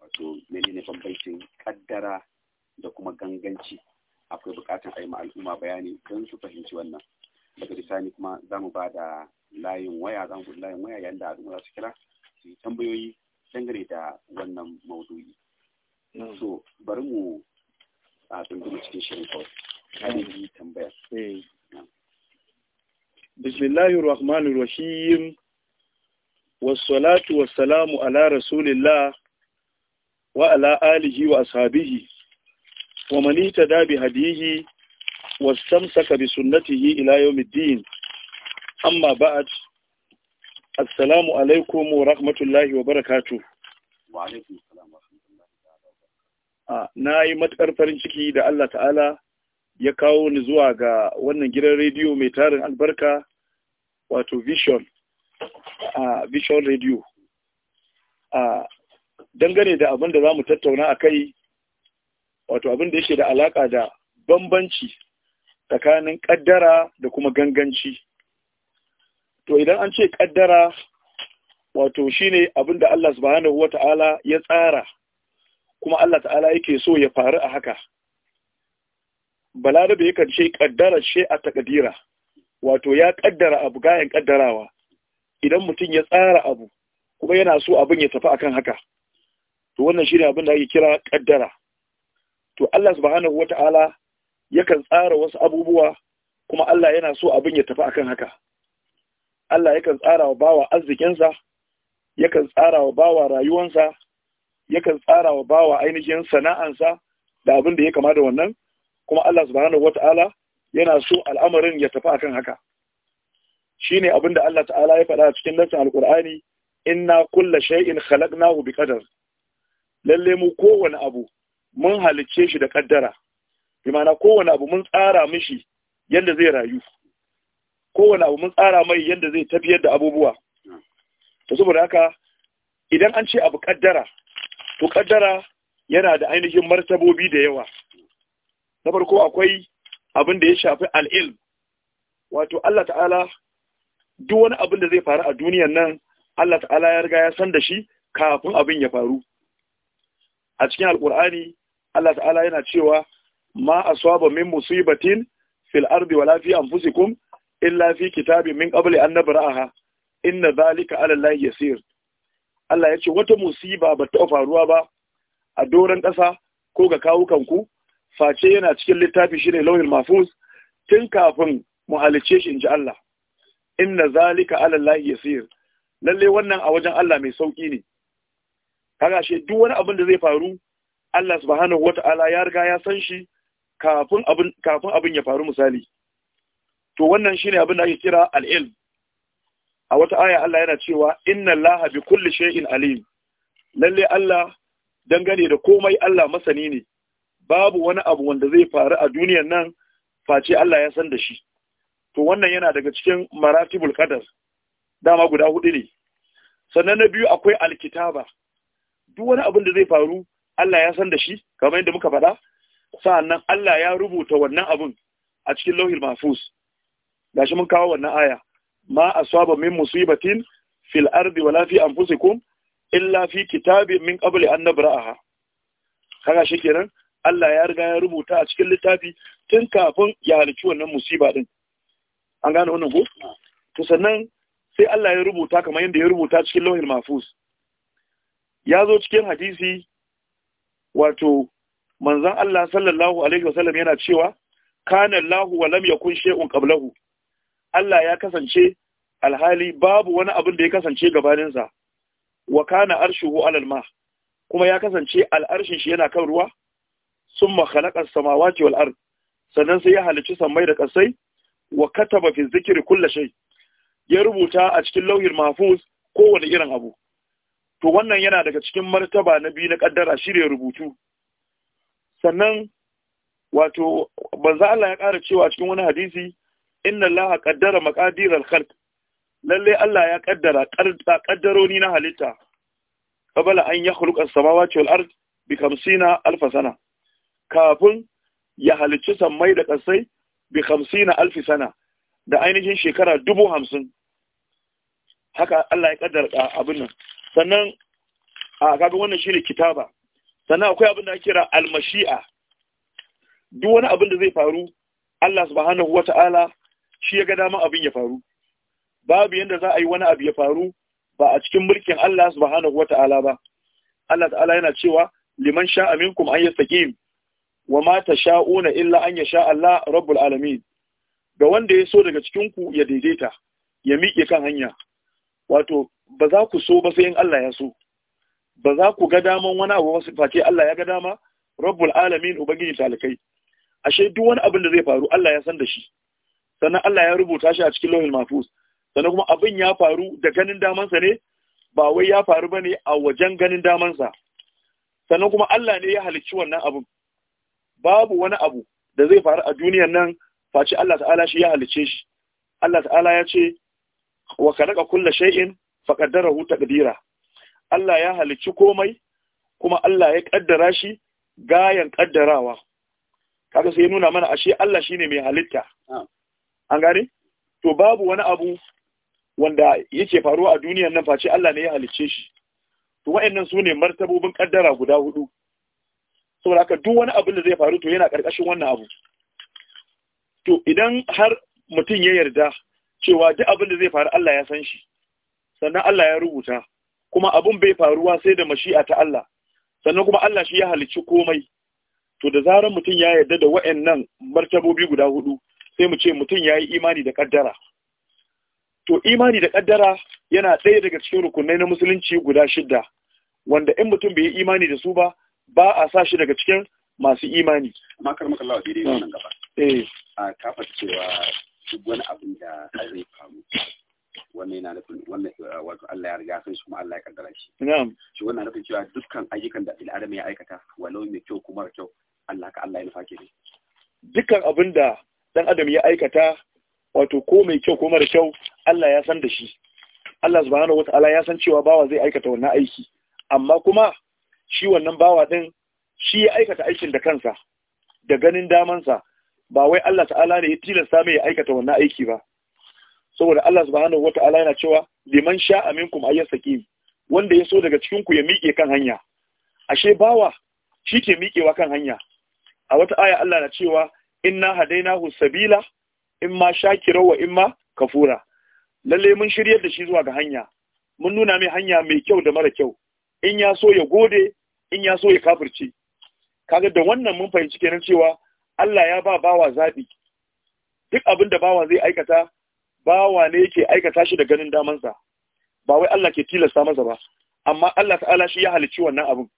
wato menene bambancin kaddara da kuma ganganci akwai bukatar a al'umma bayani don su fahimci wannan daga bisani kuma za mu ba da layin waya za mu layin waya yayin da al'umma za su kira su yi tambayoyi dangane da wannan maudu'i so bari mu a tsundumi cikin shirin kawai kare yi tambaya eh. bismillahir rahmanir rahim wasu wassalamu ala rasulillah wa ala alihi wa ashabihi wa manita da bi hadihi wastamsaka bi sunnatihi ila yawmiddin amma ba'd assalamu alaikum wa rahmatullahi wa barakatuh alaikum wa rahmatullahi ah, na yi matakar farin ciki da Allah ta'ala ya kawo ni zuwa ga wannan gidan rediyo mai tarin albarka wato vision a vision radio a dangane da abin da za mu tattauna a kai wato abin da yake da alaƙa da bambanci tsakanin ƙaddara da kuma ganganci to idan an ce ƙaddara wato shine abin da Allah subhanahu wata'ala ya tsara kuma Allah ta'ala yake so ya faru a haka balarabe yakan ce ƙaddara ce a takadira wato ya ƙaddara abu gayan ƙaddarawa idan mutum ya tsara abu kuma yana so abin ya tafi akan haka to wannan shine abin da ake kira kaddara to Allah subhanahu wata'ala yakan tsara wasu abubuwa kuma Allah yana so abin ya tafi akan haka Allah yakan tsara wa bawa arzikinsa yakan tsara wa bawa rayuwansa yakan tsara wa bawa ainihin sana'ansa da abin da ya kama da wannan kuma Allah subhanahu wata'ala yana so al'amarin ya tafi akan haka shine abin da Allah ta'ala ya faɗa cikin nassin alqur'ani inna kulla shay'in khalaqnahu biqadar lalle mu kowane abu mun halicce shi da kaddara bi ma'ana kowane abu mun tsara mishi yadda zai rayu kowane abu mun tsara mai yadda zai tafiyar da abubuwa to saboda haka idan an ce abu kaddara to kaddara yana da ainihin martabobi da yawa na farko akwai abin da ya shafi al'ilm wato Allah ta'ala duk wani abin da zai faru a duniyan nan Allah ta'ala ya riga ya san da shi kafin abin ya faru a cikin alkur'ani Allah ta'ala yana cewa ma aswaba min musibatin fil ardi wala fi anfusikum illa fi kitabin min qabli an nabraha inna zalika ala Allah yasir Allah ya ce wata musiba ba ta faruwa ba a doron ƙasa ko ga kawukanku face yana cikin littafi shine lauhin mafus. tun kafin mu halice shi in ji Allah inna zalika ala ya yasir lalle wannan a wajen Allah mai sauki ne kaga shi duk wani abin da zai faru Allah subhanahu wata'ala ya riga ya san shi kafin abin kafin abin ya faru misali to wannan shine abin da ake kira al-ilm a wata aya Allah yana cewa inna lahabi bi kulli shay'in alim lalle Allah dangane da komai Allah masani ne babu wani abu wanda zai faru a duniyar nan face Allah ya san da shi to wannan yana daga cikin maratibul qadar dama guda hudu ne sannan na biyu akwai alkitaba duk wani abin da zai faru Allah ya san da shi kamar yadda muka faɗa sa'annan Allah ya rubuta wannan abin a cikin lauhil mahfuz gashi mun kawo wannan aya ma aswaba min musibatin fil ardi wala fi anfusikum illa fi kitabin min qabli an nabra'aha kaga shikenan Allah ya riga ya rubuta a cikin littafi tun kafin ya halici wannan musiba din an gane wannan ko to sannan sai Allah ya rubuta kamar yadda ya rubuta cikin lauhin mafus ya zo cikin hadisi wato manzon Allah sallallahu alaihi wasallam yana cewa kana Allahu wa lam yakun shay'un qablahu Allah ya kasance alhali babu wani abin da ya kasance gabanin sa wa kana arshuhu alal ma kuma ya kasance al'arshin shi yana kan ruwa summa khalaqa samawati wal ard sannan sai ya halicci sammai da kasai wa kataba fi zikri kulli shay ya rubuta a cikin lauhin mahfuz kowane irin abu to wannan yana daga cikin martaba na biyu na kaddara shirye rubutu sannan wato banza Allah ya ƙara cewa cikin wani hadisi inna Allah qaddara maqadir al-khalq lalle Allah ya kaddara kaddaroni na halitta qabala an yakhluqa as-samawati wal-ard bi 50 alf sana kafin ya halicci sammai da ƙasai bi hamsina alfi sana da ainihin shekara dubu hamsin haka Allah ya kaddar abin nan sannan a kaga wannan shine kitaba sannan akwai abin da kira almashi'a duk wani abin da zai faru Allah subhanahu wata'ala shi ya ga dama abin ya faru babu yanda za a yi wani abu ya faru ba a cikin mulkin Allah subhanahu wata'ala ba Allah ta'ala yana cewa liman sha'a minkum an yastaqim wa ma tasha'una illa an yasha Allah rabbul alamin da wanda ya so daga cikin ku ya daidaita ya miƙe kan hanya wato ba za ku so ba sai in Allah ya so ba za ku ga daman wani abu wasu face Allah ya ga dama rabbul alamin ubangiji talakai ashe duk wani abin da zai faru Allah ya san da shi sannan Allah ya rubuta shi a cikin lauhin mahfuz sannan kuma abin ya faru da ganin damansa ne ba wai ya faru bane a wajen ganin damansa sannan kuma Allah ne ya halicci wannan abin babu wani abu da zai faru a duniyar nan face Allah ta'ala shi ya halice shi Allah ta'ala ya ce wa karaka kulla shay'in faqaddarahu taqdira Allah ya halici komai kuma Allah ya kaddara shi gayan kaddarawa kaga sai nuna mana ashe Allah shine mai halitta an gane to babu wani abu wanda yake faruwa a duniyar nan face Allah ne ya halicce shi to wayannan sune martabobin kaddara guda hudu saboda haka duk wani abin da zai faru to yana karkashin wannan abu to idan har mutum ya yarda cewa duk abin da zai faru Allah ya san shi sannan Allah ya rubuta kuma abin bai faruwa sai da mashi'a ta Allah sannan kuma Allah shi ya halicci komai to da zarar mutum ya yarda da wa'annan martabobi guda hudu sai mu ce mutum ya yi imani da kaddara to imani da kaddara yana ɗaya daga cikin rukunai na musulunci guda shidda wanda in mutum bai yi imani da su ba ba a sa shi daga cikin masu imani amma kar maka Allah daidai wannan gaba eh a kafa cewa duk wani abu da zai faru wannan yana nufin wannan eh, wato Allah ya riga san shi kuma Allah ya kaddara shi na'am shi wannan nufin cewa dukkan ayyukan da al'adam ya aikata walau mai kyau kuma kyau Allah ka Allah ya nufa ke ne dukkan abin da dan adam ya aikata wato ko mai kyau ko mara kyau Allah ya san da shi Allah subhanahu wa ta'ala ya san cewa bawa zai aikata wannan aiki amma kuma shi wannan bawa ɗin shi ya aikata aikin da kansa da ganin damansa ba wai Allah ta'ala ne ya tilasta mai ya aikata wannan aiki ba saboda Allah subhanahu wata'ala yana cewa liman sha'a minkum ayyasaki wanda ya so daga cikin ku ya miƙe kan hanya ashe bawa shi ke miƙewa kan hanya a wata aya Allah na cewa inna hadainahu sabila imma shakira wa imma kafura lalle mun shiryar da shi zuwa ga hanya mun nuna mai hanya mai kyau da mara kyau in ya so ya gode in ya so ya kafirce kaga da wannan mun fahimci kenan cewa Allah ya ba bawa zabi duk abin da bawa zai aikata bawa ne yake aikata shi da ganin damansa ba wai Allah ke tilasta masa ba amma Allah ta'ala shi ya halicci wannan abin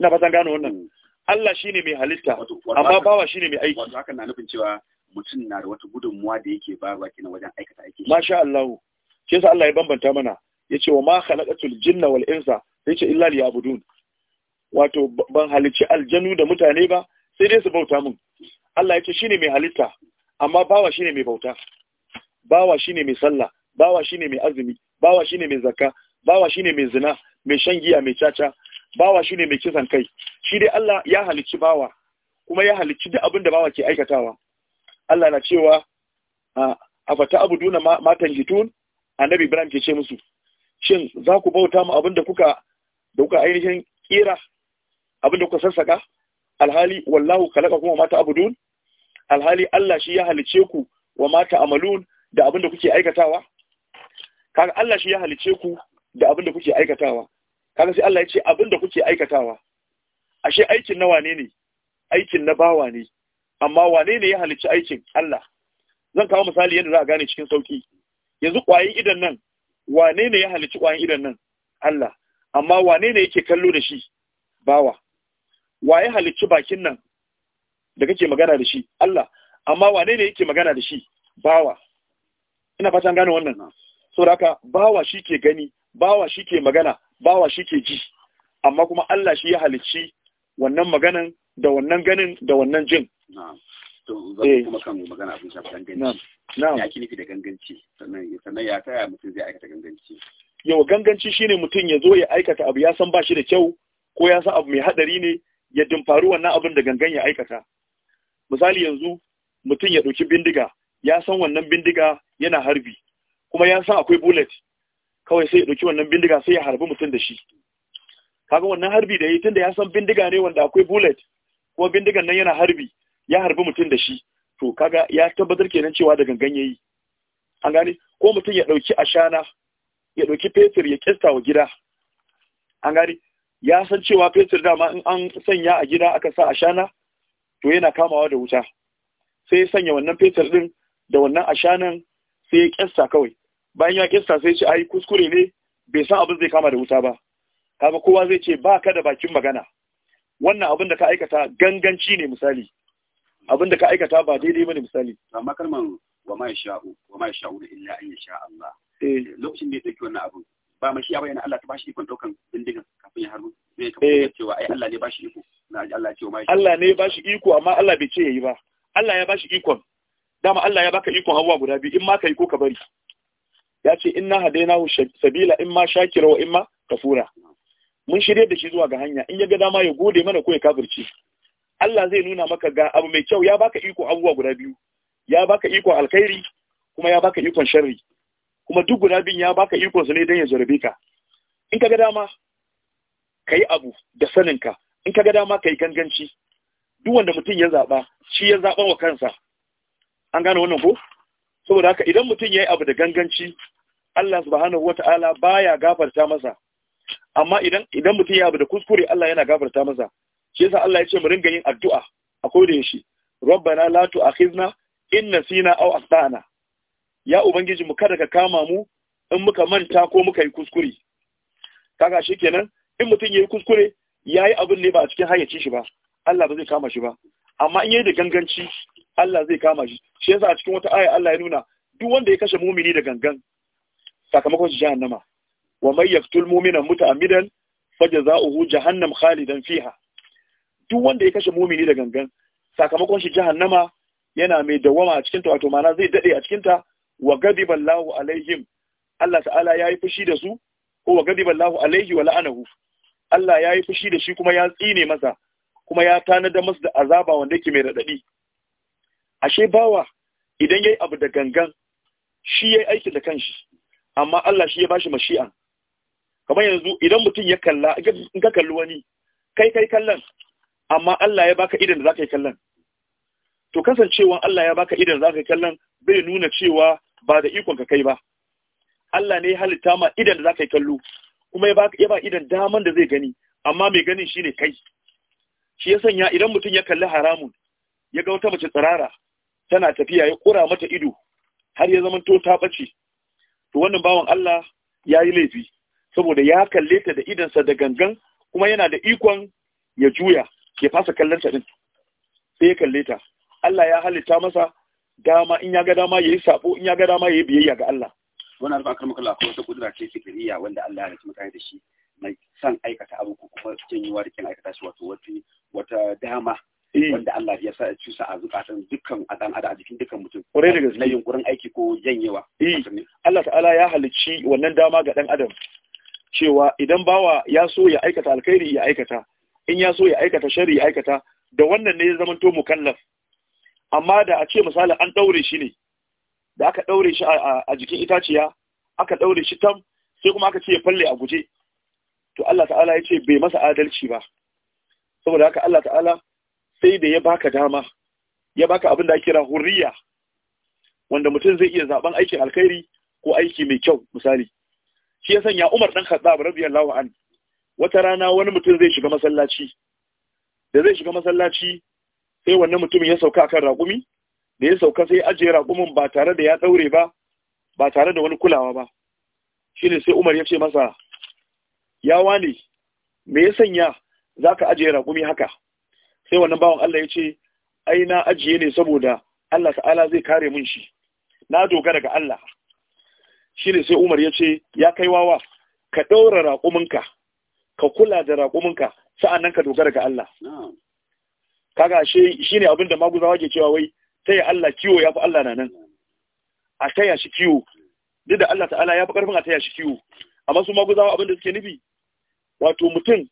ina fatan gano wannan Allah shine mai halitta amma bawa shine mai aiki wato hakan na nufin cewa mutum na da wata gudunmuwa da yake ba kina wajen aikata aiki masha Allah shi yasa Allah ya bambanta mana yace wa ma khalaqatul jinna wal insa yace illa liya'budun wato ban halicci aljanu da mutane ba sai dai su bauta mun Allah ya ce shine mai halitta amma bawa shine mai bauta bawa shine mai sallah bawa shine mai azumi bawa shine mai zakka bawa shine mai zina mai shan giya mai caca bawa shine mai kisan kai shi dai Allah ya halicci bawa kuma ya halici duk abin da bawa ke aikatawa Allah na cewa a fata abuduna matan jitun annabi Ibrahim ke ce musu shin za ku bauta mu abin kuka da kuka ainihin kira abinda kuka sassaka alhali wallahu khalaqa kuma mata abudun alhali Allah shi ya halice ku wa mata amalun da abinda kuke aikatawa kaga Allah shi ya halice ku da abinda kuke aikatawa kaga sai Allah ya ce abinda kuke aikatawa ashe aikin na wane ne aikin na bawa ne amma wane ne ya halicci aikin Allah zan kawo misali yadda za a gane cikin sauki yanzu kwayin idan nan wane ne ya halicci kwayin idan nan Allah amma wane ne yake kallo da shi bawa waye halicci bakin nan da kake magana da shi Allah amma wane ne yake magana da shi bawa ina fatan gane wannan saboda haka bawa shi ke gani bawa shi ke magana bawa shi ke ji amma kuma Allah shi ya halicci wannan maganan da wannan ganin da wannan jin to zan eh. kuma kan magana abin shafi ganganci ya ki nufi da ganganci sannan ya kaya mutum zai aikata ganganci yau ganganci shine mutum ya zo ya aikata abu ya san ba shi da kyau ko ya san abu mai hadari ne ya dumfaru wannan abin da gangan ya aikata misali yanzu mutum ya ɗauki bindiga ya san wannan bindiga yana harbi kuma ya san akwai bullet kawai sai ya ɗauki wannan bindiga sai ya harbi mutum da shi kaga wannan harbi da ya yi tunda ya san bindiga ne wanda akwai bullet kuma bindigan nan yana harbi ya harbi mutum da shi to kaga ya tabbatar kenan cewa da gangan ya yi an gane ko mutum ya ɗauki ashana ya ɗauki fetur ya kista wa gida an gane ya san cewa fetur dama in an sanya a gida aka sa a shana to yana kamawa da wuta sai ya sanya wannan fetur din da wannan ashanan sai ya kyasta kawai bayan ya kyasta sai ce ai kuskure ne bai san abin zai kama da wuta ba Kama kowa zai ce ba ka da bakin magana wannan abin da ka aikata ganganci ne misali abin da ka aikata ba daidai ne misali amma kalman wa ma sha'u wa ma yasha'u illa an yasha Allah eh lokacin da ya dauki wannan abin ba mai shi ya bayyana Allah ta bashi ikon daukan bindigan kafin ya harbu zai eh. kafa cewa ai Allah ne bashi iko na Allah cewa mai Allah ne bashi iko amma Allah bai ce yayi ba Allah ya bashi ikon dama Allah ya baka ikon abuwa guda biyu in ma kai ko ka bari ya ce inna hu sabila in ma shakira wa in ma kafura mun shirye da shi zuwa ga hanya in ya ga dama ya gode mana ko ya kafirci Allah zai nuna maka ga abu mai kyau ya baka iko abubuwa guda biyu ya baka iko alkhairi kuma ya baka ikon sharri kuma duk guda biyun ya baka iko su ne don ya jarabe ka in ka ga dama ka yi abu da saninka in ka ga dama ka yi ganganci duk wanda mutum ya zaɓa shi ya zaba wa kansa an gane wannan ko saboda haka idan mutum ya yi abu da ganganci Allah subhanahu wata'ala baya gafarta masa amma idan idan mutum ya abu da kuskure Allah yana gafarta masa shi yasa Allah ya ce mu ringa yin addu'a a koda yaushe rabbana la tu'akhizna in nasina aw akhtana ya ubangiji mu kada ka kama mu in muka manta ko muka yi kuskure kaga kenan in mutum ya yi kuskure yayi abin ne ba a cikin hayyaci shi ba Allah ba zai kama shi ba amma in yayi da ganganci Allah zai kama shi shi yasa a cikin wata aya Allah ya nuna duk wanda ya kashe mumini da gangan sakamakon shi jahannama wa may amidan, mu'mina muta'ammidan fajza'uhu jahannam khalidan fiha duk wanda ya kashe mumini da gangan sakamakon shi jahannama yana mai dawama a cikin ta wato ma'ana zai daɗe a cikin ta wa gadiba Allahu alaihim Allah ta'ala yayi fushi da su ko wa gadiba Allahu alaihi wa la'anahu Allah yayi fushi da shi kuma ya tsine masa kuma ya tanada masa da azaba wanda yake mai radadi ashe bawa idan yayi abu da gangan shi yayi aikin da kanshi amma Allah shi ya bashi mashi'a kamar yanzu idan mutum ya kalla in ka kalli wani kai kai kallon amma Allah ya baka idan da zaka yi kallon to kasancewan Allah ya baka idan zaka yi kallon bai nuna cewa ba da ikon ka kai ba Allah ne ya halitta ma idan da zaka yi kallo kuma ya ba idan daman da zai gani amma mai ganin shine kai shi ya sanya idan mutum ya kalli haramun ya ga wata mace tsirara tana tafiya ya kura mata ido har ya zama to ta bace to wannan bawan Allah ya yi laifi saboda ya kalle ta da idansa da gangan kuma yana da ikon ya juya ya fasa kallon ta din sai ya kalle ta Allah ya halitta masa dama in ya ga dama yayi sabo in ya ga dama yi biyayya ga Allah Wani alfa karmaka Allah ko wata kudura ce fikiriya wanda Allah ya rike mutane da shi mai san aikata abu ko kuma janyewa da kin aikata shi wato wata dama eh. wanda Allah ya sa cusa a zukatan dukkan adan adam a jikin dukkan mutum kwarai da gaske na yunkurin aiki ko janyewa eh. Allah ta'ala ya halicci wannan dama ga dan adam cewa idan bawa ya so ya aikata alkhairi ya aikata in ya so ya aikata shari ya aikata da wannan ne ya zamanto mukallaf amma da a ce misali an ɗaure shi ne da aka ɗaure shi a jikin itaciya aka ɗaure shi tam sai kuma aka ce ya falle a guje to Allah ta'ala ya ce bai masa adalci ba saboda haka Allah ta'ala sai da ya baka dama ya baka abin da kira hurriya wanda mutum zai iya zaben aikin alkhairi ko aiki mai kyau misali shi ya sanya Umar dan Khattab radiyallahu anhu wata rana wani mutum zai shiga masallaci da zai shiga masallaci sai wannan mutumin ya sauka kan raƙumi da ya sauka sai ajiye raƙumin ba tare da ya ɗaure ba ba tare da wani kulawa ba shine sai Umar ya ce masa ya wani me ya sanya zaka ajiye raƙumi haka sai wannan bawan Allah ya ce ai na ajiye ne saboda Allah ta'ala zai kare mun shi na dogara ga Allah shine sai Umar ya ce ya kai wawa ka ɗaura raƙuminka ka kula da raƙuminka sa'annan ka dogara ga Allah kaga shi ne abinda maguzawa ke cewa wai taya Allah kiwo ya fi Allah na nan a taya shi kiwo duk da Allah ta'ala ya fi karfin a taya shi kiwo amma su maguzawa abinda suke nufi wato mutum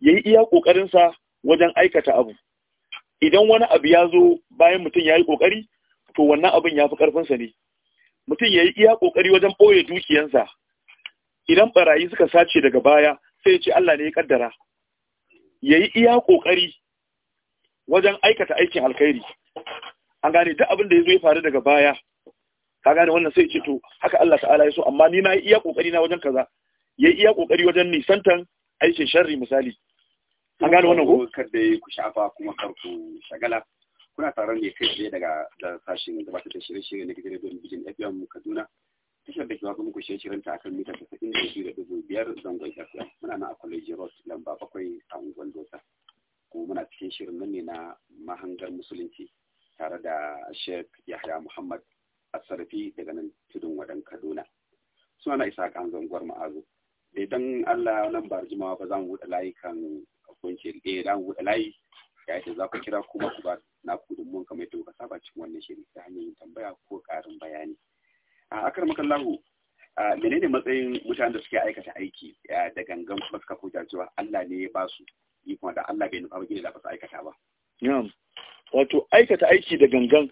ya yi iya ƙoƙarinsa wajen aikata abu idan wani abu ya zo bayan mutum ya yi ƙoƙari to wannan abin ya fi ƙarfinsa ne mutum ya yi iya ƙoƙari wajen ɓoye dukiyansa idan ɓarayi suka sace daga baya sai ya ce Allah ne ya kaddara ya yi iya ƙoƙari wajen aikata aikin alkhairi an gane duk abin da ya zo ya faru daga baya ka gane wannan sai ce to haka Allah ta'ala ya so amma ni na yi iya kokari na wajen kaza ya yi iya kokari wajen nisantan aikin sharri misali an gane wannan ko kar da ku shafa kuma kar ku shagala kuna taron ne kai tsaye daga da sashen gabatar ta shirye-shirye na gidan don bijin FM Kaduna tashar da ke wasu muku shirye shirye ta akan mita 92.5 zangon shafiya muna na a college road lamba bakwai a unguwar dosa kuma muna cikin shirin nan ne na mahangar musulunci tare da Sheikh Yahya Muhammad Asarfi daga nan tudun wadan Kaduna. Suna na isa kan zangwar ma'azu. Da eh, idan Allah nan ba jimawa ba za mu buɗe layi kan kunce eh za mu buɗe layi ya ce za ku kira kuma ku ba na ku mun kamar yadda kuka saba cikin wannan shiri ta hanyar tambaya ko ƙarin bayani. A akar makallahu menene matsayin mutanen da suke aikata aiki da gangan ba suka kuta cewa Allah ne ya ba yi kuma da Allah bai nufa ba gida da ba su aikata ba wato aikata aiki da gangan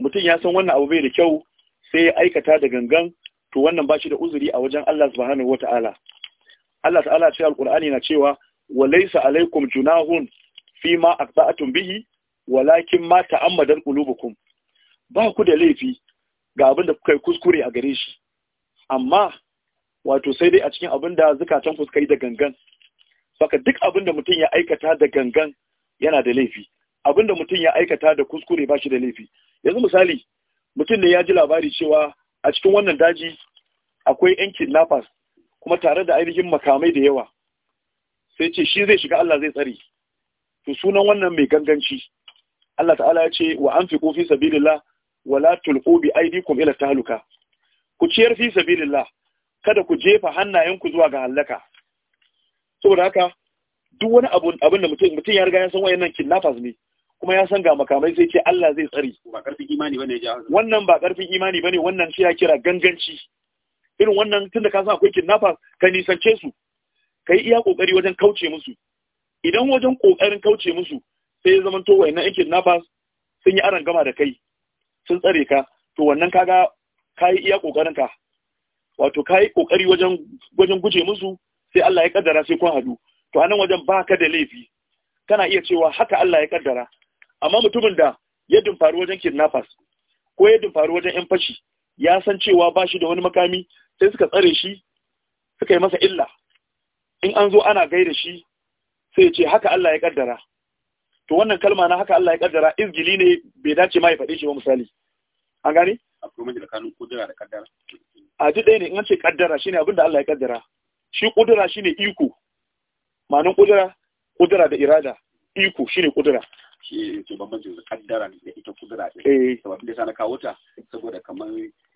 mutum ya san wannan abu bai da kyau sai ya aikata da gangan to wannan ba shi da uzuri a wajen Allah subhanahu wata'ala Allah ta'ala ce Alƙur'ani na cewa wa laisa alaikum junahun fi ma aqta'tum bihi walakin ma ta'ammadan qulubukum ba ku da laifi ga abin da kuka yi kuskure a gare shi amma wato sai dai a cikin abin da zukatan ku suka yi da gangan saka duk abin da mutum ya aikata da gangan yana da laifi abin da mutum ya aikata da kuskure ba shi da laifi yanzu misali mutum ne ya ji labari cewa a cikin wannan daji akwai yan kidnappers kuma tare da ainihin makamai da yawa sai ce shi zai shiga Allah zai tsare to sunan wannan mai ganganci Allah ta'ala ya ce wa an fi sabilillah wa la tulqu bi aydikum ila tahluka ku ciyar fi sabilillah kada ku jefa hannayenku zuwa ga hallaka saboda haka duk wani abu abin da mutum mutum ya riga ya san wayannan kidnappers ne kuma ya san ga makamai sai ce Allah zai tsare ba karfin imani bane ya wannan ba karfin imani bane wannan shi ya kira ganganci irin wannan tunda ka san akwai kidnappers ka nisance su kai iya kokari wajen kauce musu idan wajen kokarin kauce musu sai ya zama to wayannan yan kidnappers sun yi aran gama da kai sun tsare ka to wannan kaga kai iya kokarin ka wato kai kokari wajen wajen guje musu sai Allah ya kaddara sai kun hadu to anan wajen baka da laifi kana iya cewa haka Allah ya kaddara amma mutumin da ya dumfari wajen kidnappers ko ya dumfari wajen yan fashi ya san cewa ba shi da wani makami sai suka tsare shi suka yi masa illa in an zo ana gaida shi sai ya ce haka Allah ya kaddara to wannan kalma na haka Allah ya kaddara izgili ne bai dace ma ya faɗe shi ba misali an gane a ji ɗaya ne in an ce kaddara shine abin da Allah ya kaddara shi kudura ne iko ma'anin kudura kudura da irada iko ne kudura shi ne bambancin da kaddara da ita kudura ɗin eh da sana kawo ta saboda kamar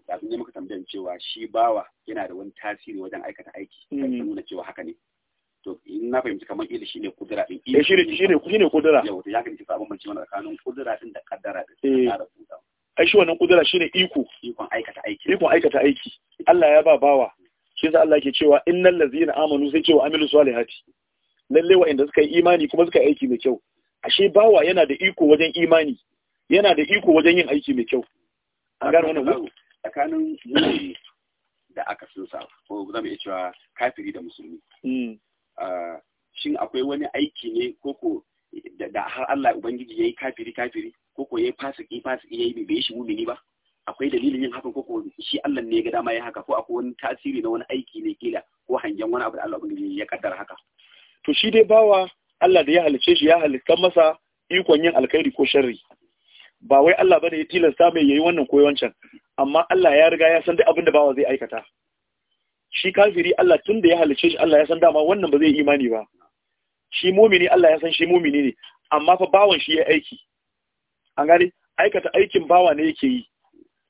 da sun yi maka tambayan cewa shi bawa yana da wani tasiri wajen aikata aiki sai mm. nuna cewa haka ne to in na fahimci kamar shi ne kudura din eh, shi ne shi ne kudura yau to ya kan ci sabon wannan tsakanin kudura din da kaddara din eh. da ai shi wannan kudura ne iko ikon aikata aiki ikon aikata aiki Allah ya ba bawa shi yasa Allah ke cewa innal ladzina amanu sai cewa amilu salihati lalle wa'anda suka yi imani kuma suka yi aiki mai kyau ashe bawa yana da iko wajen imani yana da iko wajen yin aiki mai kyau an gano wannan wuku tsakanin mu'mini da aka sun sa ko zamu iya cewa kafiri da musulmi hmm. ah, shin akwai wani aiki ne ko ko da har Allah ubangiji yayi kafiri kafiri ko ko yayi fasiki fasiki yayi bai shi mu'mini ba akwai dalilin yin hakan ko ko shi Allah ne ya ga dama ya haka ko akwai wani tasiri na wani aiki ne kila ko hangen wani abu da Allah ubangiji ya kaddara haka to shi dai bawa Allah da ya halice shi ya halitta masa ikon yin alkhairi ko sharri ba wai Allah bane ya tilasta mai yayi wannan ko wancan amma Allah ya riga ya san duk abin da bawa zai aikata shi kafiri Allah tun da ya halice shi Allah ya san dama wannan ba zai imani ba shi mumini Allah ya san shi mumini ne amma fa bawan shi ya aiki an gane aikata aikin bawa ne yake yi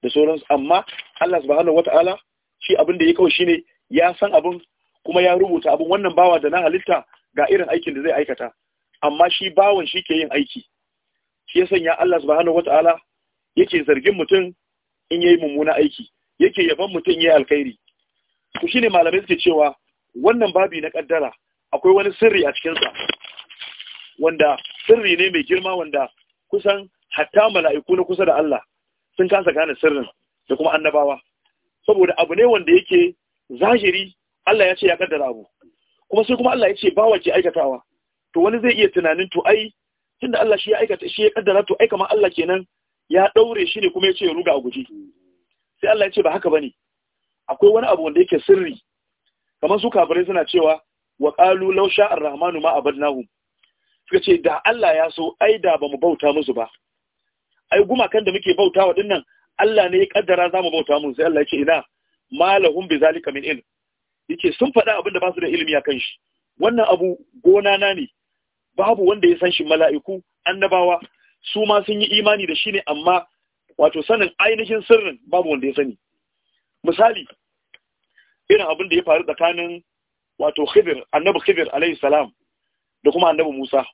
da sauransu amma Allah subhanahu wata'ala shi abin da ya kawai ne. ya san abin kuma ya rubuta abin wannan bawa da na halitta ga irin aikin da zai aikata amma shi bawan shi ke yin aiki shi ya sanya Allah subhanahu wata'ala yake zargin mutum in yayi mummuna aiki yake yaban mutum yayi alkhairi to shine malamai suke cewa wannan babi na kaddara akwai wani sirri a cikin sa wanda sirri ne mai girma wanda kusan hatta mala'iku na kusa da Allah sun kasa gane sirrin da kuma annabawa saboda abu ne wanda yake zahiri Allah ya ce ya kaddara abu kuma sai kuma Allah ya ce bawa ke aikatawa to wani zai iya tunanin to ai tunda Allah shi ya aikata shi ya kaddara to ai kamar Allah kenan ya daure shi ne kuma ya ce ya ruga a guje sai Allah ya ce ba haka bane akwai wani abu wanda yake sirri kamar su kafirai suna cewa wa qalu law sha'a ar-rahmanu ma abadnahum suka ce da Allah ya so ai da bamu bauta musu ba ai gumakan da muke bauta wa dinnan Allah ne ya kaddara zamu bauta mu sai Allah ya ina malahum bi zalika min ilm yace sun faɗa abin da ba su da ilimi akan shi wannan abu gona na ne babu wanda ya san shi mala'iku annabawa su ma sun yi imani da shi ne amma wato sanin ainihin sirrin babu wanda ya sani misali irin abin da ya faru tsakanin wato khidir annabi khidir alayhi salam da kuma annabi musa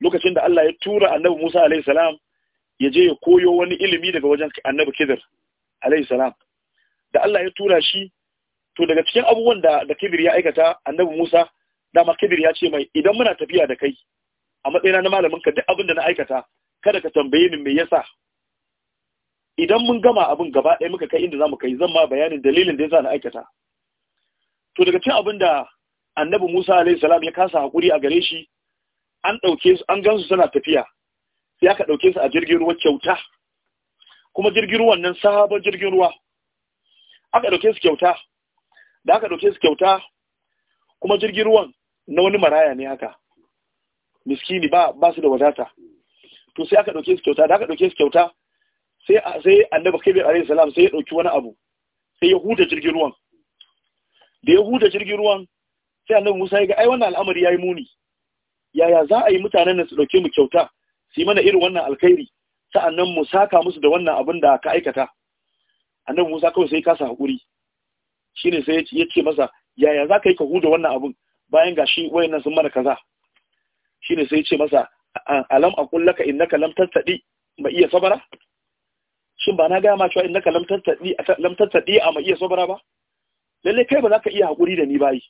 lokacin da Allah ya tura annabi musa alayhi salam ya je ya koyo wani ilimi daga wajen annabi Khidir alayhi salam da Allah ya tura shi to daga cikin abubuwan da da Khidir ya aikata annabi Musa dama Khidir ya ce mai idan muna tafiya da kai a matsayina na malamin ka duk abin da na aikata kada ka tambaye ni me yasa idan mun gama abin gaba ɗaya muka kai inda zamu kai zan ma bayanin dalilin da yasa na aikata to daga cikin abin da annabi Musa alayhi salam ya kasa hakuri a gare shi an ɗauke su an gansu suna tafiya sai aka ɗauke su a jirgin ruwa kyauta kuma jirgin ruwan nan sabon jirgin ruwa aka ɗauke su kyauta da aka ɗauke su kyauta kuma jirgin ruwan na wani maraya ne haka miskini ba ba su da wadata to sai aka ɗauke su kyauta da aka ɗauke su kyauta sai sai annabi kai alaihi salam sai ya ɗauki wani abu sai ya huda jirgin ruwan da ya huda jirgin ruwan sai annabi Musa ya ga ai wannan al'amari yayi muni yaya za a yi mutanen nan su ɗauke mu kyauta su yi mana irin wannan alkhairi sa'annan mu saka musu da wannan abin da ka aikata annabi Musa kawai sai kasa hakuri shine sai ya ce masa yaya za ka yi ka huda wannan abin bayan ga shi wayannan sun mana kaza shine sai ya ce masa alam aqul laka innaka lam tattadi ba iya sabara shin ba na gaya ma cewa innaka lam tattadi lam tattadi a ma iya sabara ba lalle kai ba za ka iya hakuri da ni bayi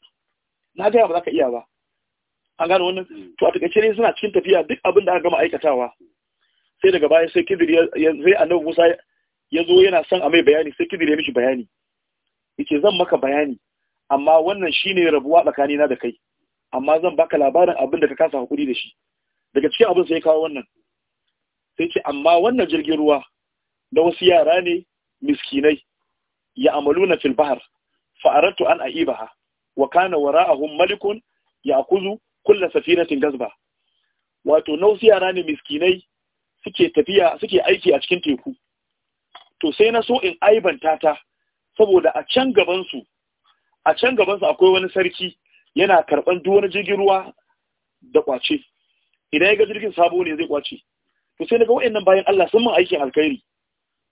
na gaya ba za ka iya ba an gane wannan to a takaice ne suna cikin tafiya duk abin da aka gama aikatawa sai daga baya sai kidir ya a annabi Musa ya zo yana son a mai bayani sai kidir ya mishi bayani yace zan maka bayani amma wannan shine rabuwa tsakanina da kai amma zan baka labarin abin da ka kasa hakuri da shi daga cikin abin sai kawo wannan sai ce amma wannan jirgin ruwa da wasu yara ne miskinai ya amaluna fil bahar fa'aratu an aibaha wa kana wara'ahum malikun ya'kuzu kulla safinatin gazba wato yara ne miskinai suke tafiya suke aiki a cikin teku to sai na so in aibanta ta saboda a can gabansu a can gabansu akwai wani sarki yana karban duk wani jirgin ruwa da kwace idan ya ga jirgin sabo ne zai kwace to sai na ga wa'annan bayan Allah sun mun aikin alkhairi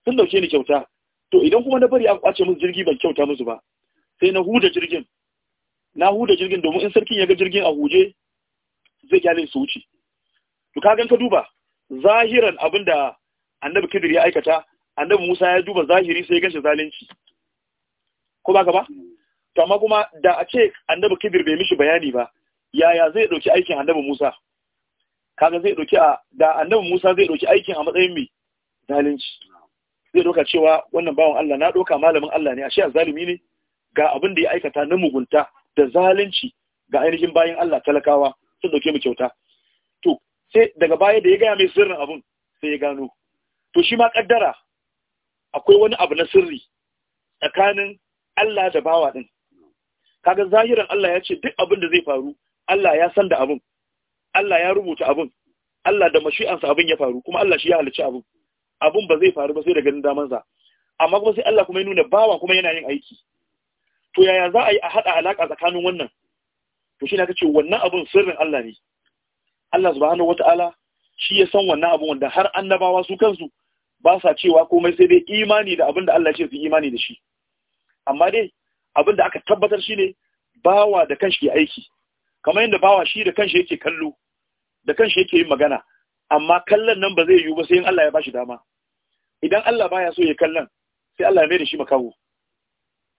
sun dauke ni kyauta to idan kuma na bari a kwace musu jirgi ban kyauta musu ba sai na huda jirgin na huda jirgin domin in sarkin ya ga jirgin a huje zai kyale su wuce to ka gan ka duba zahiran abinda annabi kidir ya aikata annabi Musa ya duba zahiri sai ya ganshi zalunci ko ba ka ba to amma kuma da a ce annabi kidir bai mishi bayani ba yaya zai dauki aikin annabi Musa kaga zai dauki a da annabi Musa zai dauki aikin a matsayin mai zalunci zai dauka cewa wannan bawan Allah na dauka malamin Allah ne ashe zalimi ne ga abin da ya aikata na mugunta da zalunci ga ainihin bayin Allah talakawa sun dauke mu kyauta to sai daga baya da ya gaya mai sirrin abun sai ya gano to shi ma kaddara akwai wani abu na sirri tsakanin Allah da bawa ɗin. kaga zahirin Allah ya ce duk abin da zai faru Allah ya san da abun Allah ya rubuta abun Allah da mashi'ansa abin ya faru kuma Allah shi ya halicci abun abun ba zai faru ba sai da ganin damansa amma kuma sai Allah kuma ya nuna bawa kuma yana yin aiki to yaya za a yi a haɗa alaƙa tsakanin wannan to shi na kace wannan abun sirrin Allah ne Allah subhanahu wataala shi ya san wannan abun wanda har annabawa su kansu ba sa cewa komai sai dai imani da abin da Allah ce su imani da shi amma dai abin da aka tabbatar shi ne bawa da kanshi ke aiki kamar yadda bawa shi da kanshi yake kallo da kanshi yake yin magana amma kallon nan ba zai yiwu ba sai in Allah ya bashi dama idan Allah baya so ya kallon sai Allah ya mai da shi makawo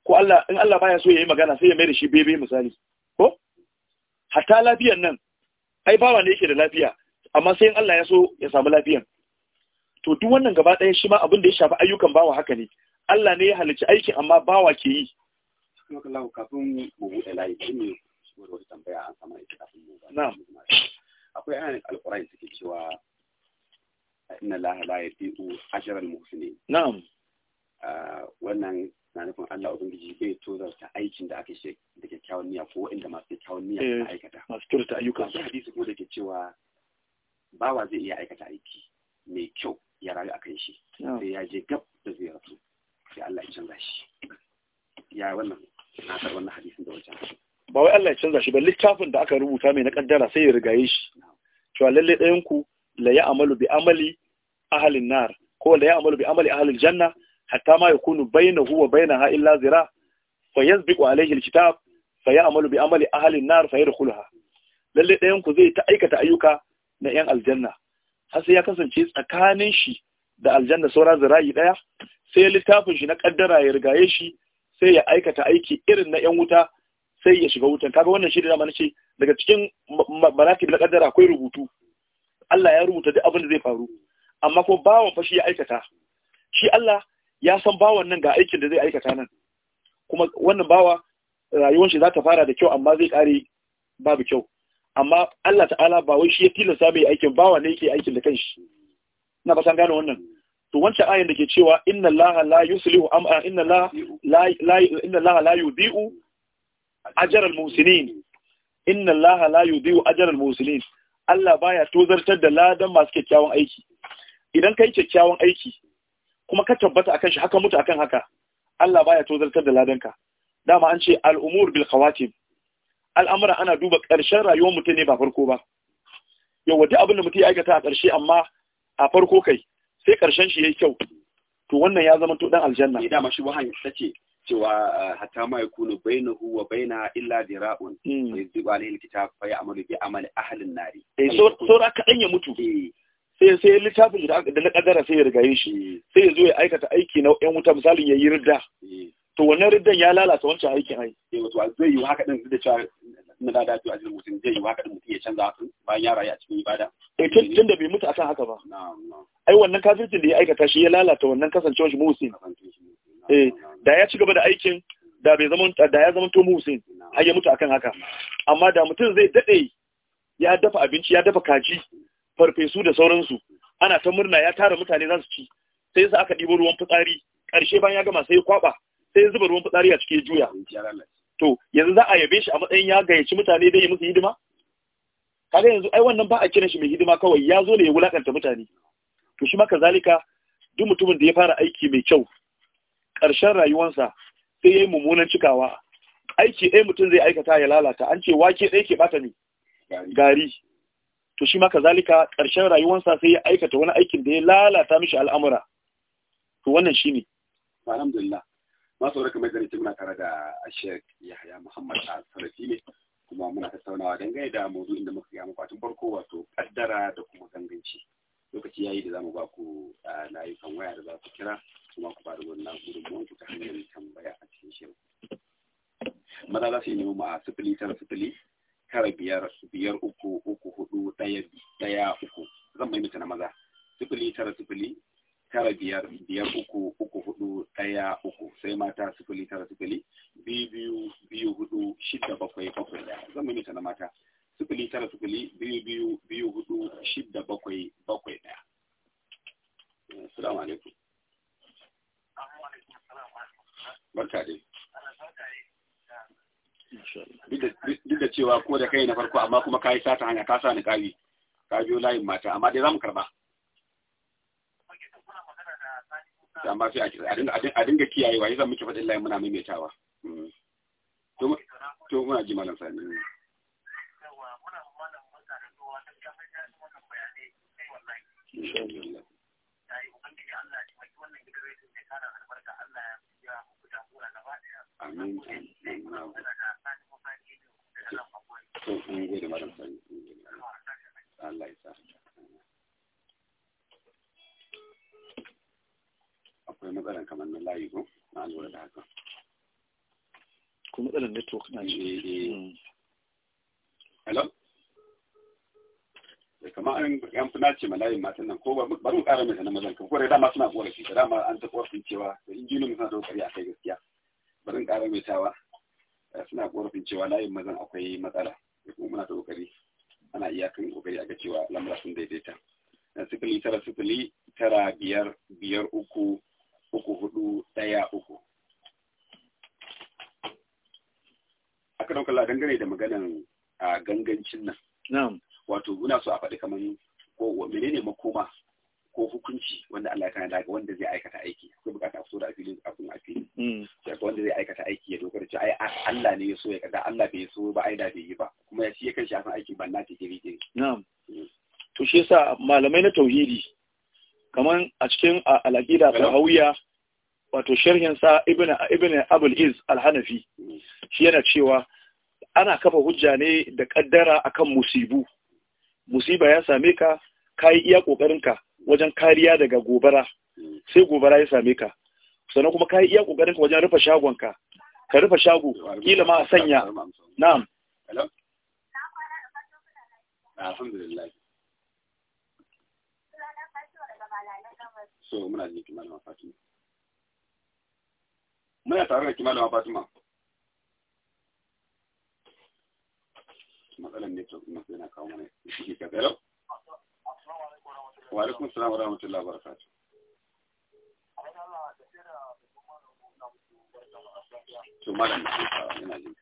ko Allah in Allah baya so ya yi magana sai ya mai da shi bebe misali ko hatta lafiyan nan ai bawa ne yake da lafiya amma sai in Allah ya so ya samu lafiyan to duk wannan gaba ɗaya shi ma abin da ya shafi ayyukan bawa haka ne Allah ne ya halicci aikin amma bawa ke yi kafin mu buɗe layi ne wata tambaya an na'am ah, wannan na nufin Allah ubangiji bai ta aikin da aka shi da kyakkyawan niyya ko inda masu kyakkyawan niyya na eh, aikata masu ta ayyuka Masu hadisi ko da ke cewa bawa zai iya aikata aiki mai kyau ya rayu a kan shi sai ya je gab da zai rasu sai Allah ya canza shi ya wannan na karɓar wannan hadisin da wajen ba wai Allah ya canza shi ba littafin da aka rubuta mai na kaddara sai ya rigaye shi cewa lalle ɗayan ku la ya amalu bi amali ahalin nar ko la ya amalu bi amali ahalin janna hatta ma yakunu baina wa bainaha illa zira fa yasbiqu alayhi alkitab fa ya'malu bi amali ahli an-nar fa yadkhuluha lalle ɗayan ku zai ta aikata ayyuka na yan aljanna har ya kasance tsakanin shi da aljanna sauran zira'i daya sai littafin shi na ƙaddara ya rigaye shi sai ya aikata aiki irin na yan wuta sai ya shiga wutan kaga wannan shi da zama ce daga cikin maratib na kaddara akwai rubutu Allah ya rubuta duk abin da zai faru amma ko bawan fa shi ya aikata shi Allah ya san bawan nan ga aikin da zai aikata nan kuma wannan bawa rayuwar shi za ta fara da kyau amma zai kare babu kyau amma Allah ta'ala ba wai shi ya tilasta mai aikin bawa ne yake aikin da kanshi ina ba san gane wannan to wancan ayin da ke cewa inna Allah la yuslihu am inna Allah la inna Allah la yudhi'u ajral musinin inna Allah la yudhi'u ajral musinin Allah baya tozartar da ladan masu kyakkyawan aiki idan kai kyakkyawan aiki kuma ka tabbata akan shi haka mutu akan haka Allah baya tozartar da ladanka dama an ce al'umur bil khawatim al'amura ana duba ƙarshen rayuwar mutum ne ba farko ba yau wata abin da mutum ya aikata a ƙarshe amma a farko kai sai ƙarshen shi yayi kyau to wannan ya zama to dan aljanna ni eh, dama shi wahan tace cewa eh, hatta ma yakunu bainahu wa baina illa dira'un hmm. fa yuzibu alayhi alkitab fa ya'malu bi amali ahli nari eh so so ya mutu eh. sai sai littafin da na kadara sai ya yin shi sai ya zo ya aikata aiki na yan wuta misalin ya yi ridda eh. to wannan riddan ya lalata wancan aikin ai eh wato zai yi haka din da cewa na da dace a mutum zai yi haka din mutum ya canza bayan ya rayu a cikin ibada eh tun da bai mutu akan haka ba ai wannan kafircin da ya aikata shi ya lalata wannan kasancewar shi musin eh da ya ci gaba da aikin da bai zama da ya zama to musin har ya mutu akan haka amma da mutum zai dade ya dafa abinci ya dafa kaji farfesu da sauransu ana ta murna ya tara mutane za su ci sai yasa aka ɗibo ruwan fitsari ƙarshe bayan ya gama sai ya kwaɓa sai ya zuba ruwan fitsari a cikin juya to yanzu za a yabe shi a matsayin ya gayyaci mutane dai ya musu hidima kaga yanzu ai wannan ba a kiran shi mai hidima kawai ya zo ne ya wulakanta mutane to shi maka zalika duk mutumin da ya fara aiki mai kyau ƙarshen rayuwansa sai ya yi mummunan cikawa aiki ɗaya mutum zai aikata ya lalata an ce wake ɗaya ke ɓata ne gari to shi ma kazalika ƙarshen rayuwarsa sai ya aikata wani aikin da ya lalata mishi al'amura to wannan shine alhamdulillah masu barka mai zarafi muna tare da Sheikh Yahya Muhammad a sarafi ne kuma muna tattaunawa dangane da mawdu'in da muka ga muku tun farko wato kaddara da kuma ganganci lokaci yayi da zamu ba ku layukan waya da za ku kira kuma ku bada wannan gudunmuwan ku ta hanyar tambaya a cikin shirin maza za su yi nemo a sifili tara sifili tara biyar biyar uku uku hudu ɗaya ɗaya uku zan maimaita na maza sifili tara sifili tara biyar biyar uku uku hudu ɗaya uku sai mata sifili tara sifili biyu biyu biyu hudu shida bakwai bakwai ɗaya zan maimaita na mata sifili tara sifili biyu biyu biyu hudu shida bakwai bakwai ɗaya. Assalamu alaikum. Barka dai. duk da cewa ko da kai na farko amma kuma ka yi sata hanya ka sa ni kawi ka biyo layin mata amma dai za mu karba amma sai a dinga kiyayewa yanzu zan muke faɗin layin muna maimaitawa hmm. to muna ji malam sani Amin. akwai kamar na layi ko na lura da haka ko matsalan network na ce eh, eh. hello da eh, kama an yan fi nace matan nan ko ba mu ƙara mai sanar mazan kan kwarai dama suna da dama an ta korafin cewa da injinin suna da kokari a kai gaskiya bari mu ƙara mai tawa suna korafin cewa layin mazan akwai matsala da kuma muna ta kokari ana iyakan kokari a ga cewa lamura sun daidaita sifili tara sifili tara biyar biyar uku uku hudu ɗaya uku aka la dangane da maganan a gangancin nan wato muna so a faɗi kamar ko menene makoma ko hukunci wanda Allah ya daga wanda zai aikata aiki akwai bukata a fito da afili a kun afili hmm. wanda zai aikata aiki ya dogara cewa ai Allah ne ya so ya kada Allah bai so ba ai da bai yi ba kuma ya shi kan shafin aiki ban na gari gari na'am hmm. to shi yasa malamai na tauhidi kaman a cikin al-aqida hawiya wato sharhin sa ibn ibn abul iz al-hanafi hmm. shi yana cewa ana kafa hujja ne da kaddara akan musibu musiba ya same ka kai iya kokarin ka wajen kariya daga gobara sai gobara ya same ka sannan kuma ka yi iya kokarin ka wajen rufe shagon ka ka rufe shago kila ma a sanya na'am alhamdulillah so muna ji kimanin fatima muna tare da kimanin fatima matsalar na kawo mana shi ke yau Wa alaikum salam wa rahmatullahi wa barakatuh. To malam ina jin.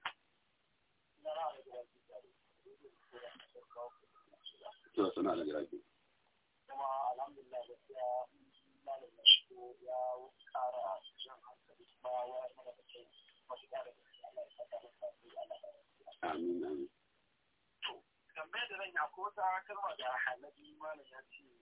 To sana da garaje. Kuma alhamdulillah gaskiya malam ya kara jan hankali kuma ya mana da kai wasu da Allah ya saka da Amin amin. To kamar da zan yi akwai Amin. kalma da halabi malam ya ce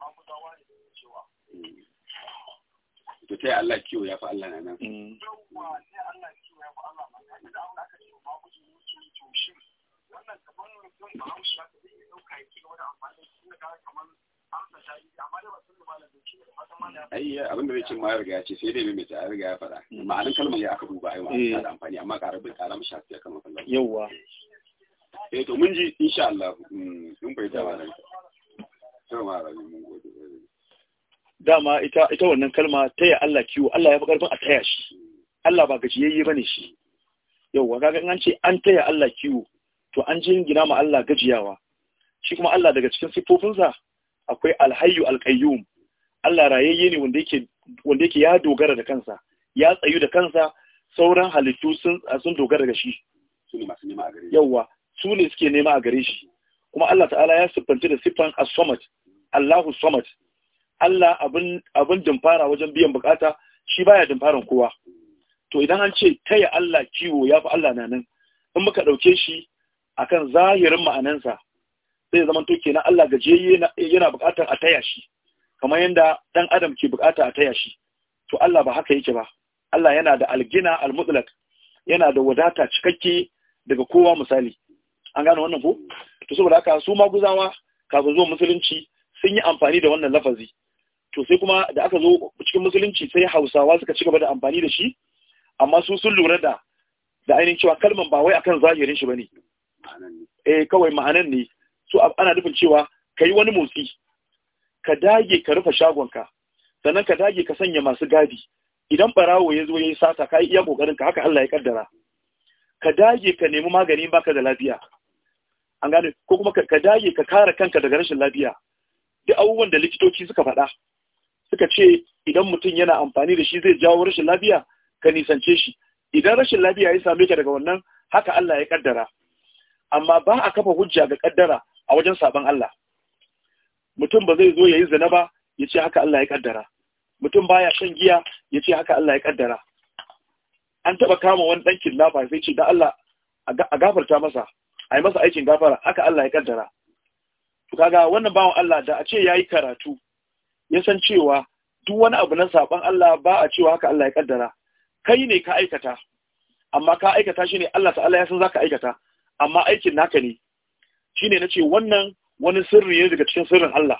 to ta Allah kiwo ya fi Allah na nan mm. Ayya ma riga ya ce sai dai mai ta riga ya faɗa. Mm. Ma'anin kalmar ya aka duba ai ma eh. da amfani amma ƙara ƙara mu shafi ya kama kallon. Yawwa. Eh to mun ji insha Allah mm, mun bai dama ita ita wannan kalma taya Allah kiwo Allah ya fi karfin a taya shi Allah ba gajiyayye bane shi yauwa kaga an ce an taya Allah kiwo to an gina ma Allah gajiyawa shi kuma Allah daga cikin sifofinsa akwai alhayyu alqayyum Allah rayayye ne wanda yake wanda yake ya dogara da kansa ya tsayu da kansa sauran halittu sun sun dogara ga shi su ne masu nema a gare shi yauwa su ne suke nema a gare shi kuma Allah ta'ala ya siffanci da siffan as-samad Allahu samad Allah abin abin dimfara wajen biyan bukata shi baya dimfaran kowa to idan an ce taya Allah kiwo yafi Allah na nan in muka dauke shi akan zahirin ma'anansa sai zaman to kenan Allah gajeye yana bukatar a taya shi kamar yanda dan adam ke bukata a taya shi to Allah ba haka yake ba Allah yana da algina al-mutlaq yana da wadata cikakke daga kowa misali an gane wannan ko to saboda haka su ma guzawa kafin zuwa musulunci sun yi amfani da wannan lafazi to sai kuma da aka zo cikin musulunci sai hausawa suka ci gaba da amfani da shi amma su sun lura da da ainihin cewa kalman ba wai akan zahirin shi bane eh kawai ma'anan ne so ana nufin cewa kai wani motsi ka dage ka rufe shagonka sannan ka dage ka sanya masu gadi idan barawo ya zo ya yi sata ka yi iya kokarin ka haka Allah ya kaddara ka dage ka nemi magani baka da lafiya an gane ko kuma ka dage ka kare kanka daga rashin lafiya duk abubuwan da likitoci suka faɗa suka ce idan mutum yana amfani da shi zai jawo rashin lafiya ka nisance shi idan rashin lafiya ya same ka daga wannan haka Allah ya kaddara amma ba a kafa hujja ga kaddara a wajen sabon Allah mutum ba zai zo ya yi zina ba ya ce haka Allah ya kaddara mutum baya shan giya ya ce haka Allah ya kaddara an taba kama wani dan kidnapper sai ce da Allah a gafarta masa a yi masa aikin gafara aka Allah ya kaddara to kaga wannan bawan Allah da a ce ya yi karatu ya san cewa duk wani abu na saban Allah ba a cewa haka Allah ya kaddara kai ne ka aikata amma ka aikata shi Allah ta'ala ya san zaka aikata amma aikin naka ne shine ce wannan wani sirri ne daga cikin sirrin Allah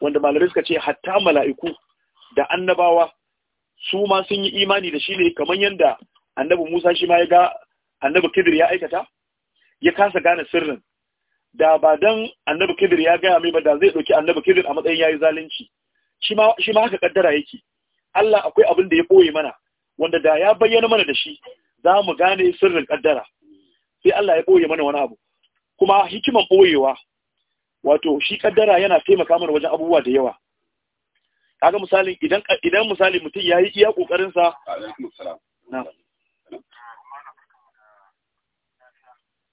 wanda malamai suka ce hatta mala'iku da annabawa su ma sun yi imani da shi ne kamar yadda annabi Musa shi ma ya ga annabi Khidir ya aikata ya kasa gane sirrin da ba dan annabi kidir ya gaya mai ba da zai ɗauki annabi kidir a matsayin yayi zalunci shi ma haka kaddara yake Allah akwai abin da ya ɓoye mana wanda da ya bayyana mana da shi za mu gane sirrin kaddara sai Allah ya ɓoye mana wani abu kuma hikiman ɓoyewa wato shi kaddara yana taimaka mana wajen abubuwa da yawa kaga misalin idan idan misali mutum yayi iya kokarin sa na'am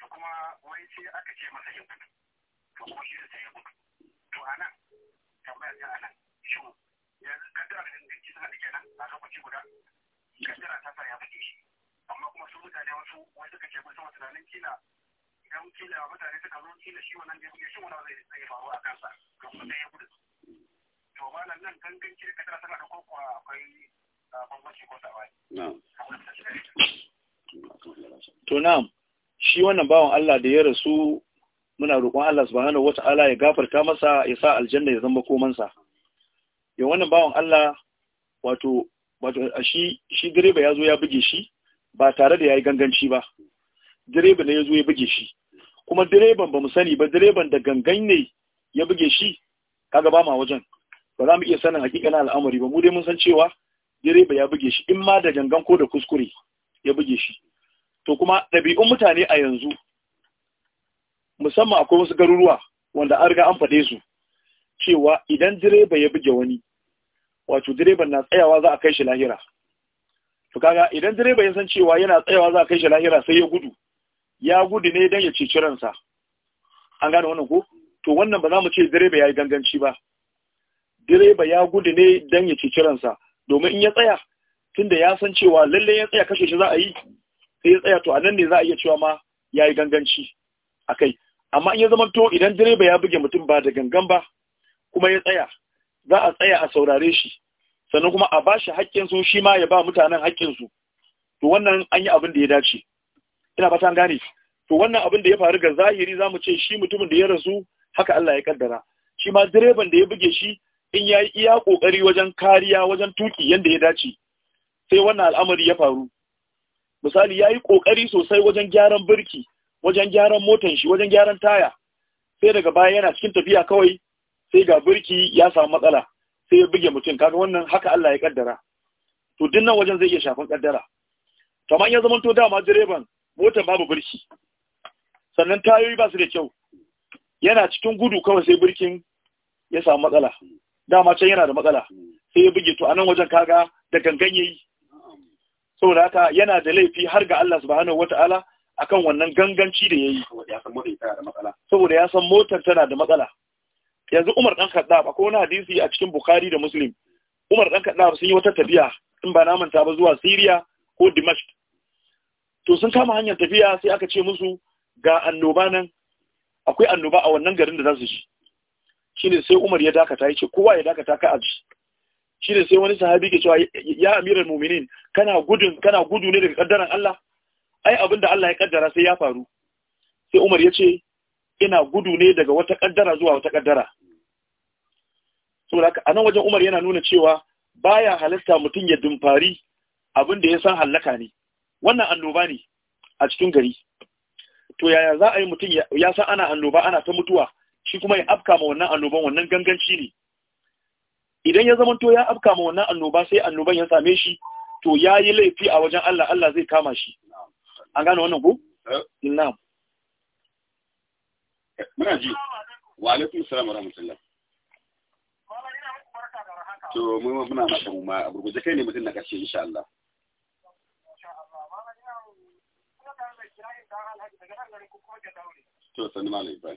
to kuma wai sai aka ce masa ya gudu to kuma shi sai ya gudu to anan tambayar ta anan shin yanzu kaddara da inganci suna da kenan a lokaci guda kaddara ta sa ya fice shi amma kuma su mutane wasu wai suka ce mun sama tunanin kila idan kila mutane suka zo kila shi wannan da ya shi wannan zai zai faru a kansa to kuma sai ya gudu to ba nan ganganci da kaddara tana da koko akwai ah, bambanci ko sabani na'am to na'am shi wannan bawan Allah da ya rasu muna roƙon Allah subhanahu wata'ala ya gafarta masa ya sa aljanna ya zama komansa ya wannan bawan Allah wato wato shi shi direba yazo ya buge shi ba tare da yayi ganganci ba direba ne yazo ya buge shi kuma direban ba mu sani ba direban da gangan ne ya buge shi kaga ba ma wajen ba za mu iya sanin hakikanin al'amari ba mu dai mun san cewa direba ya buge shi in ma da gangan ko da kuskure ya buge shi to kuma ɗabi'un mutane a yanzu musamman akwai wasu garuruwa wanda an riga an faɗe su cewa idan direba ya buge wani wato direban na tsayawa za a kai shi lahira to kaga idan direba ya san cewa yana tsayawa za a kai shi lahira sai ya gudu ya gudu ne don ya ceci ransa an gane wannan ko to wannan ba za mu ce direba ya yi ganganci ba direba ya gudu ne don ya ceci ransa domin in ya tsaya tunda ya san cewa lalle ya tsaya kashe shi za a yi sai ya tsaya to anan ne za a iya cewa ma ya yi ganganci a kai amma in ya zama to idan direba ya buge mutum ba da gangan ba kuma ya tsaya za a tsaya a saurare shi sannan kuma a ba shi haƙƙinsu shi ma ya ba mutanen haƙƙinsu to wannan an yi abin da ya dace ina fata an gane to wannan abin da ya faru ga zahiri zamu ce shi mutumin da ya rasu haka Allah ya kaddara shi ma direban da ya buge shi in ya yi iya kokari wajen kariya wajen tuki yanda ya dace sai wannan al'amari ya faru misali ya yi ƙoƙari sosai wajen gyaran birki wajen gyaran motan shi wajen gyaran taya sai daga baya yana cikin tafiya kawai sai ga birki ya samu matsala sai ya buge mutum kaga wannan haka Allah ya kaddara to nan wajen zai iya shafan kaddara to ya zama to dama direban motan babu birki sannan tayoyi ba su da kyau yana cikin gudu kawai sai birkin ya samu matsala dama can yana da matsala sai ya buge to anan wajen kaga da gangan yayi saboda haka yana da laifi har ga Allah subhanahu wata'ala akan wannan ganganci da yayi saboda ya san motar tana da matsala yanzu Umar dan Khattab akwai wani hadisi a cikin Bukhari da Muslim Umar dan Khattab sun yi wata tafiya in ba na manta ba zuwa Syria ko Dimashq to sun kama hanyar tafiya sai aka ce musu ga annoba nan akwai annoba a wannan garin da za su shi shine sai Umar ya dakata ya ce kowa ya dakata ka aji shi da sai wani sahabi ke cewa ya amiral muminin kana gudun kana gudu ne daga kaddaran Allah ai abinda Allah ya kaddara sai ya faru sai Umar ya ce ina gudu ne daga wata kaddara zuwa wata kaddara saboda haka anan wajen Umar yana nuna cewa baya halasta mutum ya dumfari abinda ya san hallaka ne wannan annoba ne a cikin gari to yaya za a yi mutum ya san ana annoba ana ta mutuwa shi kuma ya afka ma wannan annoban wannan ganganci ne idan ya zamanto ya afka ma wannan annoba sai annoban ya same shi to ya yi laifi a wajen Allah Allah zai kama shi an gane wannan ko na'am muna ji wa alaikum salam wa rahmatullah to mu muna ma mu ma a burguje kai ne mutum na karshe insha Allah to sanni malai bai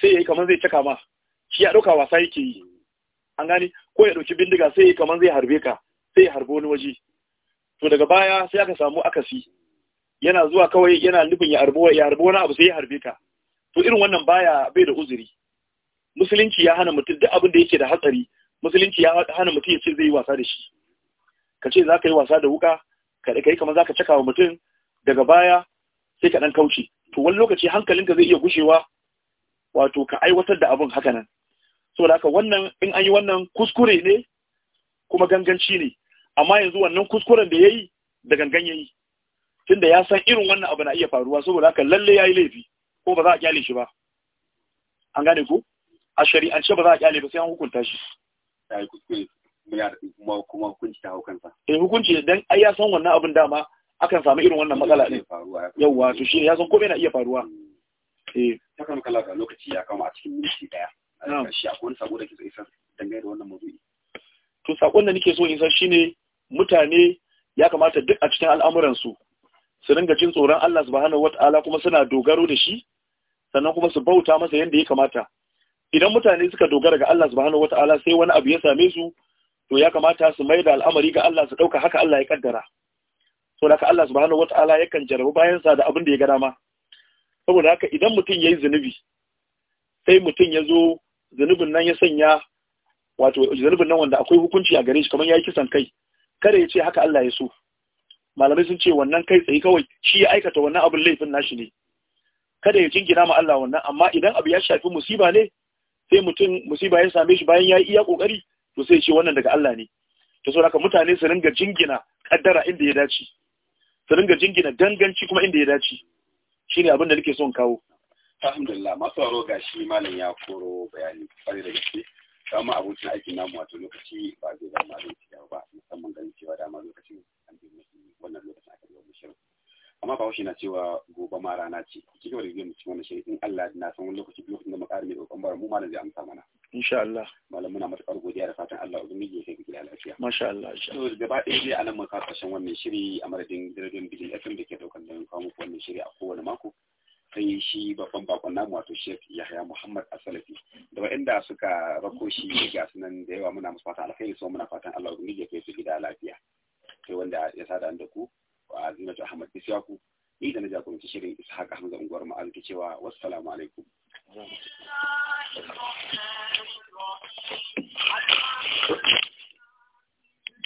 sai ya yi kamar zai caka ma shi ya ɗauka wasa yake yi an gane ko ya ɗauki bindiga sai ya yi kamar zai harbe ka sai ya harbe wani waje to daga baya sai aka samu akasi yana zuwa kawai yana nufin ya harbe ya harbe wani abu sai ya harbe ka to irin wannan baya bai da uzuri musulunci ya hana mutum duk abin da yake da hatsari musulunci ya hana mutum ya ce zai yi wasa da shi ka ce za ka yi wasa da wuka ka yi kamar za ka cika wa mutum daga baya sai ka ɗan kauce to wani lokaci hankalinka zai iya gushewa wato ka aiwatar da abin haka nan saboda haka wannan in an yi wannan kuskure ne kuma ganganci ne amma yanzu wannan kuskuren da ya yi da gangan ya yi tunda ya san irin wannan abu na iya faruwa saboda haka lalle ya yi laifi ko ba za a kyale shi ba an gane ku a shari'ance ba za a kyale ba sai an hukunta shi ya yi kuskure kuma kuma hukunci ta hukunta eh hukunci dan ai ya san wannan abin dama akan samu irin wannan matsala ne yauwa to shi ya san komai na iya faruwa hmm. Eh. ta kan kala ga lokaci ya kama a cikin minti daya a shi a wani sabo da ke zai san dangane da wannan mazuri to sakon da nake so in san shine mutane ya kamata duk a cikin al'amuran su su ringa jin tsoron Allah subhanahu wata'ala kuma suna dogaro da shi sannan kuma su bauta masa yadda ya kamata idan mutane suka dogara ga Allah subhanahu wata'ala sai wani abu ya same su to ya kamata su mai da al'amari ga Allah su dauka haka Allah ya kaddara so da Allah subhanahu wata'ala yakan jarabi bayansa da abin da ya ga dama saboda haka idan mutum ya yi zunubi sai mutum ya zo zunubin nan ya sanya wato zunubin nan wanda akwai hukunci a gare shi kamar ya yi kisan kai kada ya ce haka Allah ya so malamai sun ce wannan kai tsaye kawai shi ya aikata wannan abin laifin nashi ne kada ya jingina ma Allah wannan amma idan abu ya shafi musiba ne sai mutum musiba ya same shi bayan ya yi iya kokari to sai ce wannan daga Allah ne to so haka mutane su ringa jingina kaddara inda ya dace su ringa jingina danganci kuma inda ya dace shine abin da nake son kawo alhamdulillah masu aro ga shi malam ya koro bayani kwarai da gaske kama abokin aikin namu wato lokaci ba zai zama lokaci ba musamman ganin cewa dama lokacin an bi wannan lokacin aka yi wa shirin amma ba na cewa gobe ma rana ce ki gaba da biyan mutum wannan shirin in Allah na san wani lokaci lokacin da makari mai kokon bara mu malam zai amsa mana insha Allah malam muna matukar godiya da fatan Allah ubangiji ya kai gida lafiya masha Allah to gaba ɗaya dai anan mun kawo ƙarshen wannan shiri a madadin jirgin bijin FM da ke daukar nauyin kawo muku wannan shiri a kowane mako sai shi babban bakon namu wato Sheikh Yahya Muhammad Asalafi da waɗanda suka rako shi ga sunan da yawa muna musu fatan alkhairi so muna fatan Allah ubangiji ya kai su gida lafiya sai wanda ya sada da ku wa Ahmad Isyaku ni da na jagoranci shirin Ishaq Hamza unguwar ma'azu ke cewa wassalamu alaikum.